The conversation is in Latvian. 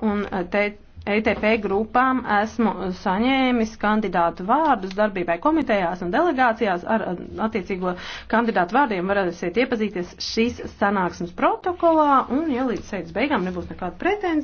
un eh, te, ETP grupām esmu saņēmis kandidātu vārdus darbībai komitejās un delegācijās ar eh, attiecīgo kandidātu vārdiem varēsiet iepazīties šīs sanāksmes protokolā un, ja līdz sēdes beigām nebūs nekāda pretenzija,